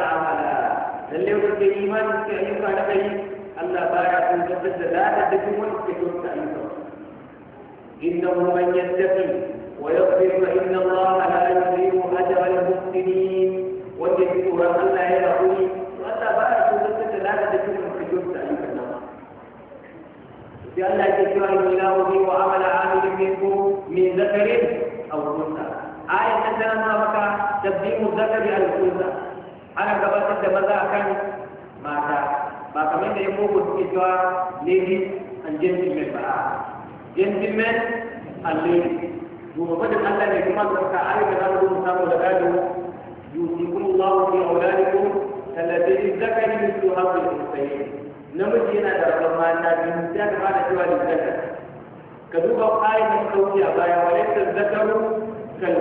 amala lalle wanda imani suka ayyuka na kai Allah baya son tabbatar da lada da duk wanda suka kyauta ayyuka innahu man yattaqi wa yaghfir fa inna Allah la yudhi'u ajra al-muhsinin wanda ya Allah ya rahuni Allah baya son tabbatar da lada da duk wanda suka kyauta yi na sai Allah ya ce wa wa amala amilin minkum min zakarin aw unsa ayatan tana maka tabdimu zakari al-unsa ana gabatar da maza kan mata ba kamar da ya mugu suke cewa lady and gentleman ba gentleman and lady gobe fadin Allah ne kuma sarka ayyuka za mu zo mu samu da gado yusikum Allah fi auladikum alladhi zakari su hadhihi da sosai namiji yana da rabon mata biyu sai ka da cewa da zakar ka duba ayyukan kauci a baya wa yakta zakaru kal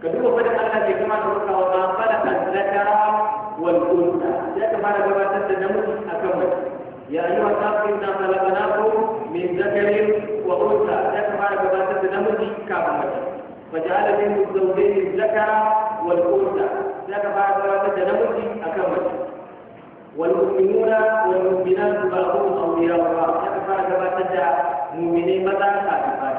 ka pada anak di kemana Allah Taala pada azzakar wal unta dia namiji a kan akam ya ayu asal kita dalam ko min zakarin wa unta dia kemana berbaca sedemut akam Wajah ada di muka ubi di zakara wal unta dia kemana berbaca sedemut akam wal mu'minuna wal mu'minatu ba'dhum awliya'u ba'd yakfa'a kama tadda a matan ta'fa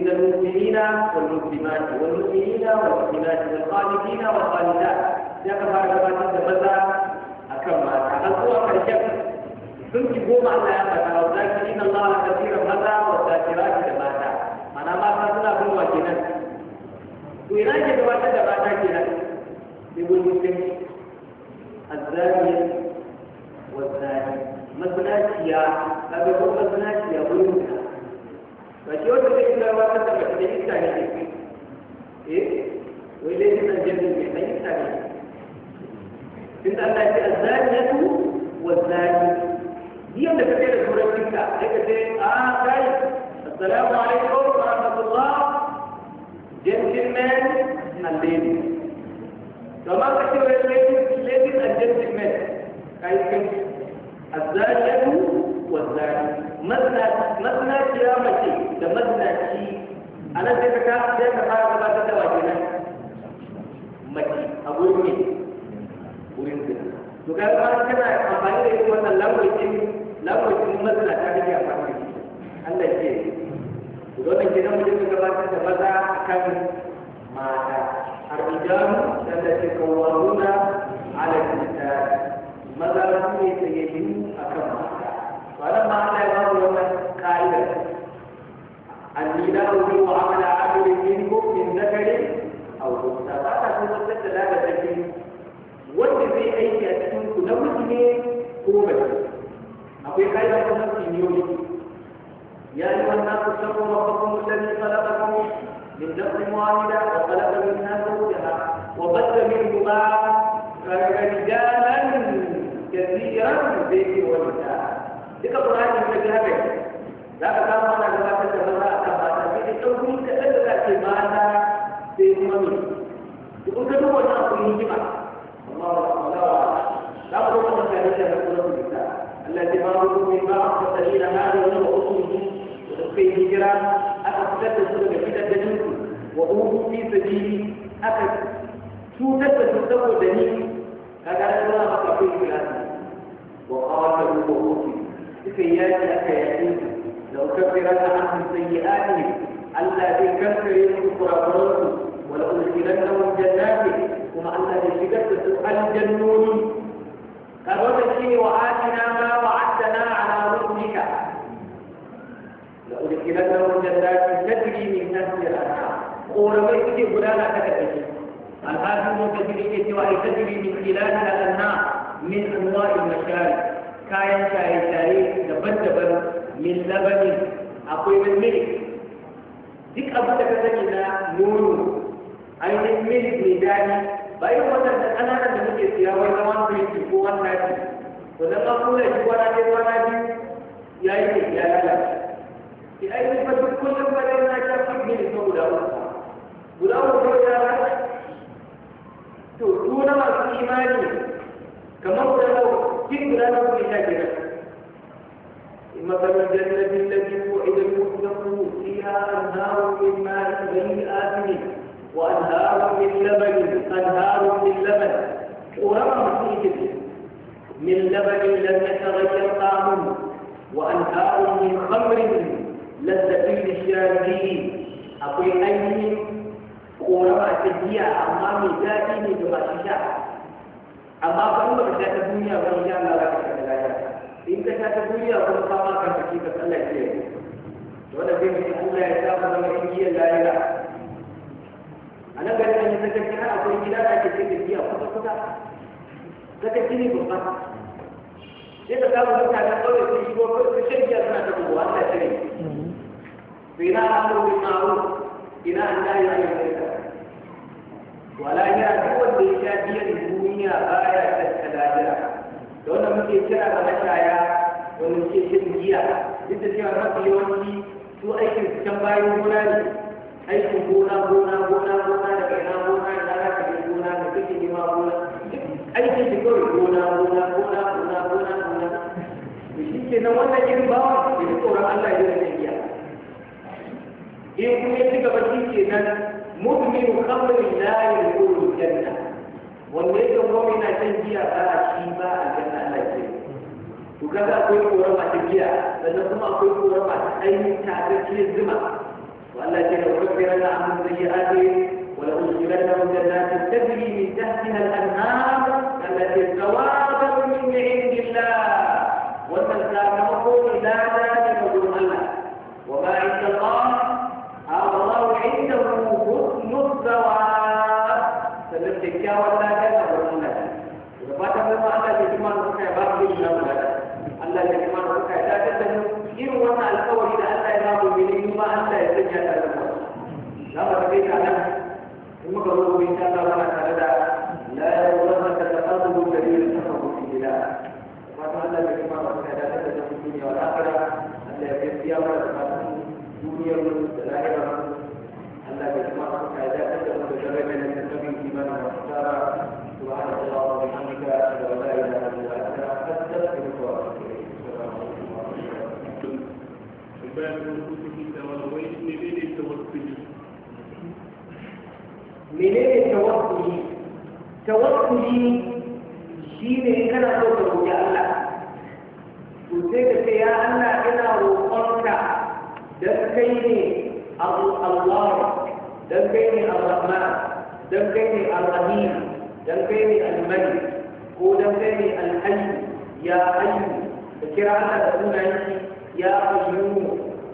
إن المسلمين والمسلمات والمؤمنين والمسلمات والقانتين والقانتات جاءت هذا ما تتبدى أكما تعلقوا فرجك ثم يقوم على أمتا إن الله كثيرا مدى وذاكرات لماتا أنا ما تسنى هم وجنا وإناك دواتا دواتا جنة يقول مسلم الزاني والزاني مثلا سياح هذا هو مثلا سياح ميت ثاني ايه وليه من الجنة ميت ثاني انت الله الزانية والزاني دي اللي بتقول سورة النساء هيك زي اه جاي طيب. السلام عليكم ورحمة الله جنتلمان الليدي كما تكتب الليدي الجنتلمان كيف طيب. الزانية والزاني مثنى مثنى كلامتي ده idan mu ya gabatar da maza akan kan mata a rijalu da da ke kawaruna ala kinta maza su ne tsaye din a kan mata wannan ma Allah ya ba mu wannan kalilan annila wa huwa amala abdi minko min zakari aw ba ta ko wata da daga take wanda zai aiki a cikin ku na mutune ko mace akwai kai da kuma kimiyoyi يا ايها الناس اتقوا ربكم الذي خلقكم من ذكر معامله وخلق منها زوجها وبث منهما رجالا كثيرا بيت ونساء ديك القران اللي فيها بيت لا تقام على جماعه الجماعه كما تفيد التوحيد الا كمان في المنزل يقول كده هو الناس في الجماعه الله لا تقوم بهذه الامور الكبيره التي ما تقوم بها فتجد هذا suka yi hijira aka fitar da su daga gidan da jinsu wa uku fi sabili aka cutar da su saboda ni kaga an zama maka kai kira wa qatalu wa uku suka yaki aka yaki min labanin akwai min milik duk abin da ka sani na nono ainihin milik mai daɗi bayan wannan da ƙananan da muke siya wai na wani milik ko wani naji to na ma kula shi kwana ɗaya kwana biyu ya yi ne ya lalace ki ainihin fa duk kullum ba dai na sha fi milik na guda uku guda uku ya lalace to su na masu imani kamar guda uku kin guda uku ne sha kenan مثل الجنة التي وعد المتقون فيها أنهار من ماء غير آثم وأنهار من لبن أنهار من لبن ورمى مسيح من لبن لم يتغير طعمه وأنهار من خمر لذة للشاربين أقول أيهم ورمى تجيع أمامي ذاتي من دمشق أما ba الدنيا baka ta duniya ba in ka ta duniya kuma ka ma kan kake ka Allah ya wanda zai yi Allah ya sa mana ingiyar lahira a nan gari an yi na akwai gida da ake ce tafiya kusa kusa sakaci ne babba sai ka samu mutanen kawai sun shigo kawai su shan ta gugu Allah ya yi ina amuru bin ma'ruf ina an ya yi wala ya duk wanda ya sha duniya baya ta lahira da wanda muke kira da mashaya wanda muke shan giya duk da cewa mafi yawanci su aikin su can bayan gona ne aikin gona gona gona gona daga ina gona da za ka gona da kake nema gona aikin su kawai gona gona gona gona gona gona to shi ke nan wannan irin bawa da duk tsoron Allah ya rage giya in kuma ya ci gaba shi ke nan mu'minu qawlin la yadkhulu janna wanda yake kuma yana shan giya ba a shi ba a kan Allah ke to kaga akwai koran masu giya sannan kuma akwai koran masu ainihin takakkiyar zuma والله جل وعلا عن سيئاته ولأدخلنهم جنات تجري من تحتها الأنهار التي ثوابا من عند الله وتسامحوا لا ذلك دون الله وما عند الله الله عنده حسن الثواب فلم تكاوى Allah ya kuma da suka ta ta tafi irin wannan alkawari da Allah ya ba mu mini kuma Allah ya sanya ta da mu za mu kai ka nan in muka zo mu insha Allah muna tare da la yawma ka taqabu kadir taqabu fi ila wa ta Allah ya kuma da suka ta ta tafi duniya wa akhirah Allah ya biya mu da fatan duniyar mu da lahira Allah ya kuma da suka ta ta tafi da sharri da tafi imani wa tsara subhanallahi والكتب والويل منين التوكل منين التوكل توكل شيء كان صوته يا الله وزيك يا الله إنا روحك دكيني الله دكيني الرحمن دكيني الرحيم دكيني الملك ودكيني الحي يا حي kira Allah da sunan shi ya qayyum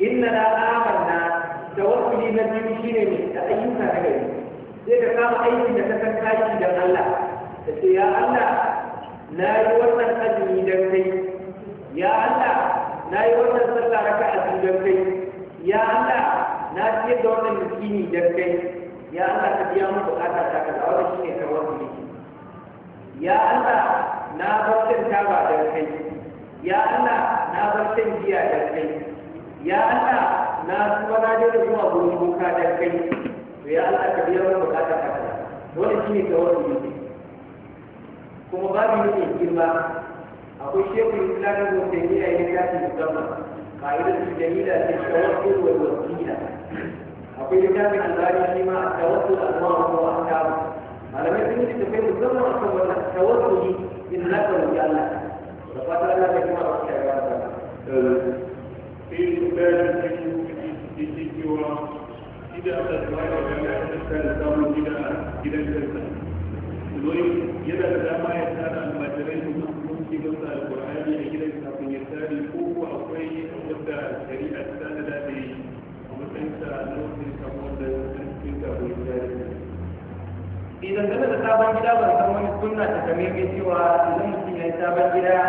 inna da amanna da wasu na biyu shi ne da ayyuka na gari sai ka kama aiki da kasan kashi don Allah da ce ya Allah na yi wannan azumi don kai ya Allah na yi wannan sallah raka azumi don kai ya Allah na ciyar da wannan miskini don kai ya Allah ka biya mu bukata ta kaza wannan shine karwar mu ya Allah na bar shan taba don kai ya Allah na bar shan giya don kai ya Allah na kuma na je da zuwa gurin kuka da kai to ya Allah ka biya wani bukatar ka wani shine tawakkuli yi kuma babu ne girma akwai shehu islamin mutane ya yi littafi musamman ka'idar su jamila ce tawakkul wa wasila akwai littafin albani shi ma tawakkul al-ma'ruf wa al malamai sun yi tafiya musamman akan wannan tawakkul shi da Allah subhanahu wa ta'ala samun gida gidan kansa zoi yana da dama ya tsara almajirai su kuma su ga sa a gidan kafin ya tsari ko ko akwai wanda shari'a ta da da yi a matsayin sa lokacin sa wanda cikin kafin ya tsari idan kana da sabon gida ba san wani sunna ta kame mai cewa idan mutum ya yi sabon gida ya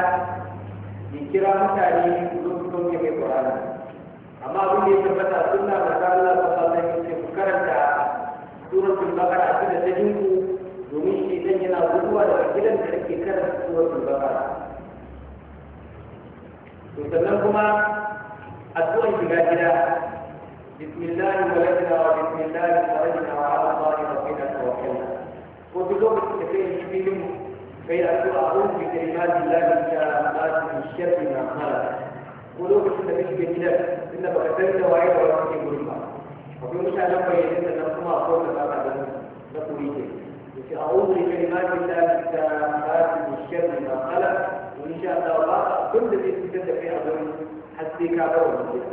kira mutane su zo su mai amma abin da ya tabbata suna da kalla ta kalla ne ce ku karanta suratul baqara ta da tajinku domin shi dan yana gudu'a daga gidan da ke karanta suratul baqara to sannan kuma addu'ar shiga gida bismillahi wa lakina wa bismillahi wa rajina wa ala sari wa kina tawakkalna ko duk lokacin da kai shi filin kai addu'a ko bi kalimatillahi ta'ala ta shirki na halaka lokacin da kake gidan inda baka san da waye da لك ke gurin ba akwai mutanen لك da kuma akwai da ba da na kuri أعوذ بكلمات الله التامات من الخلق وإن شاء الله كل الذي تكتب في ضمن حتى كعبه ومسجد.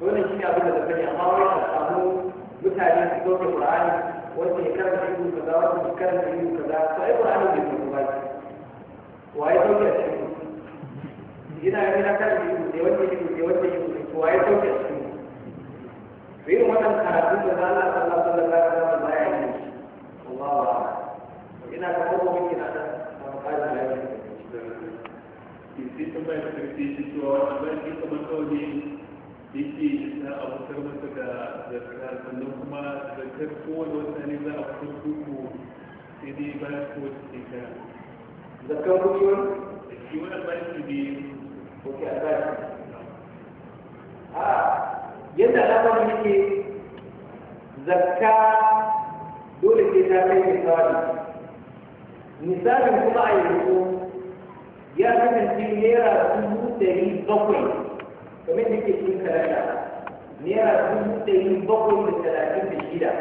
وإن شاء الله بدأ بني أمارة مثالي في صوت القرآن وأنت يكرم يقول كذا وإن يكرم يقول كذا فأي قرآن يقول كذا وأي صوت يقول إذا أنا كرم waye sauke su to irin wannan karatun da za Allah sallallahu alaihi wasallam ba ya yi Allahu akbar ina ga ko mun kina da makarin da yake sai tambaya ta karfi shi cewa wannan bayan shi kamar kawai yake na abokan masa da zakka sannan kuma zakkar kowane wata ne za a fitar duku sai dai bayan kowace shekara zakkar kuɗi wani? shi wani bayan shi biyu ok a bayan yadda al'amari yake zakka dole ke ta kai misali misalin kuma a yanzu ya kasance naira dubu ɗari bakwai kamar da ke cikin kalanda naira dubu ɗari bakwai da talatin da shida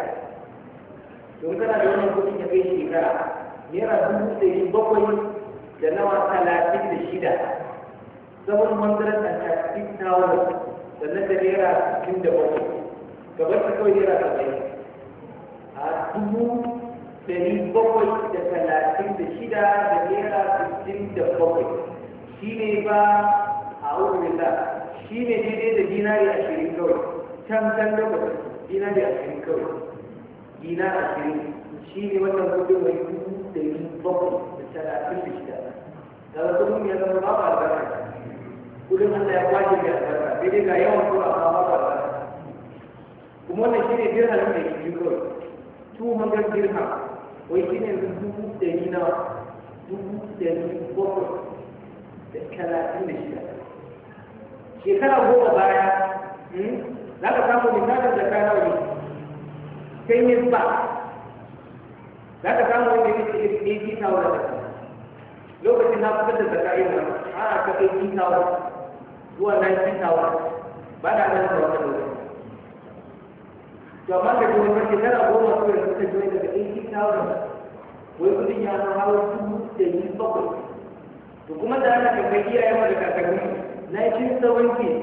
don kana da wannan kuɗi ta kai shekara naira dubu ɗari bakwai da nawa talatin da shida saboda mandarar a cikin thousand sannan da naira sittin da bakwai gaban ta kawai naira saba'in a dubu dari bakwai da talatin da shida da naira sittin da bakwai shi ne ba a wurin da shi ne daidai da dinari ashirin kawai can can lokaci dinari ashirin kawai dina ashirin shi ne wannan kudin mai dubu dari bakwai da talatin da shida daga kudin ya zama a albarka kudin Allah ya kwace ga albarka sai dai ga yawan tura ma ba ba kuma wannan shine dirham ne ke biyu kawai tu hangar dirham wai shine dubu ɗari na dubu ɗari bakwai da talatin da shida shekara goma baya hmm, za ka samu misalin da kana wani kai ne ba za ka samu wanda ya ce ya fi tawo da lokacin na fitar da zakayi na ana ka kai fi tawo zuwa 19,000 ba na da su wata lokaci to amma da kuma shekara goma su da daga ko wai kudin ya zo hawa mu da yi bakwai to kuma da ka kan iyayen mu da kakanni 1970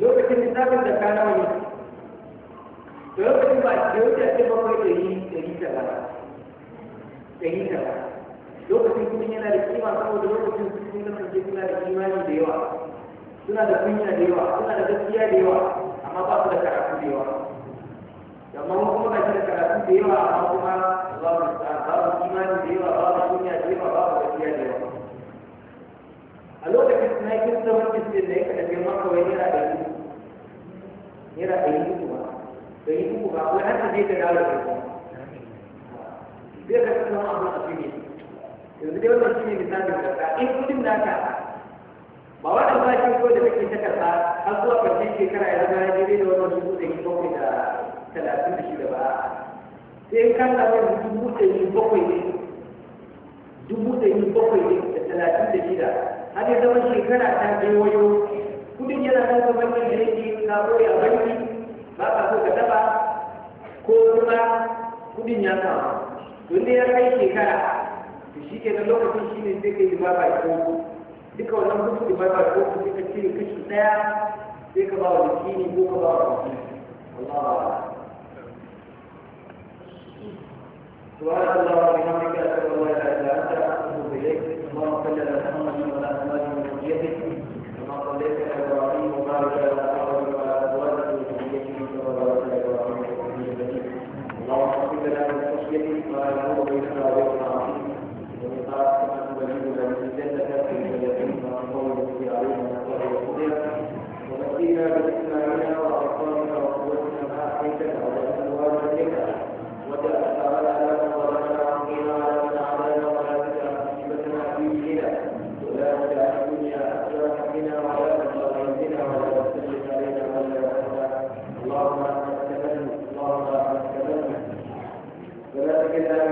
lokacin lissafin da kana wani to lokacin ba da yau bakwai da yi ta yi tara da yi ba lokacin kuma yana da kima saboda lokacin kudin kasance suna da imani da yawa suna da kunya da yawa suna da gaskiya da yawa amma ba su da karatu da yawa amma mun kuma da karatu da yawa amma kuma babu babu imani da yawa babu kunya da yawa babu gaskiya da yawa a lokacin na yi kirista wani kirista da ya kalafe maka wai yana da yi yana da yi uku da yi uku ba wani hanta zai ka dawo da kai zai ka kasa wani abu a fili yanzu dai wannan shi ne misalin karka in kudin ba wannan bashin ko da kake ta karɓa har zuwa ƙarshen shekara ya zama ya daidai da wannan dubu ɗari bakwai da talatin da shida ba sai ka samu dubu ɗari bakwai ne dubu ɗari bakwai ne da talatin da shida har ya zama shekara ta wayo kudin yana nan gaban yin da yake ka ɓoye a banki ba ka so ka taɓa ko kuma kudin ya kama to ya kai shekara to shi ke nan lokacin shi ne sai ka yi ba ba ko duka wannan kuskure bai bai ko kuma ka cire kashi daya sai ka ba wa miskini ko ka ba wa miskini wallahu a'lam سبحانك اللهم وبحمدك لا اللهم صل على إلا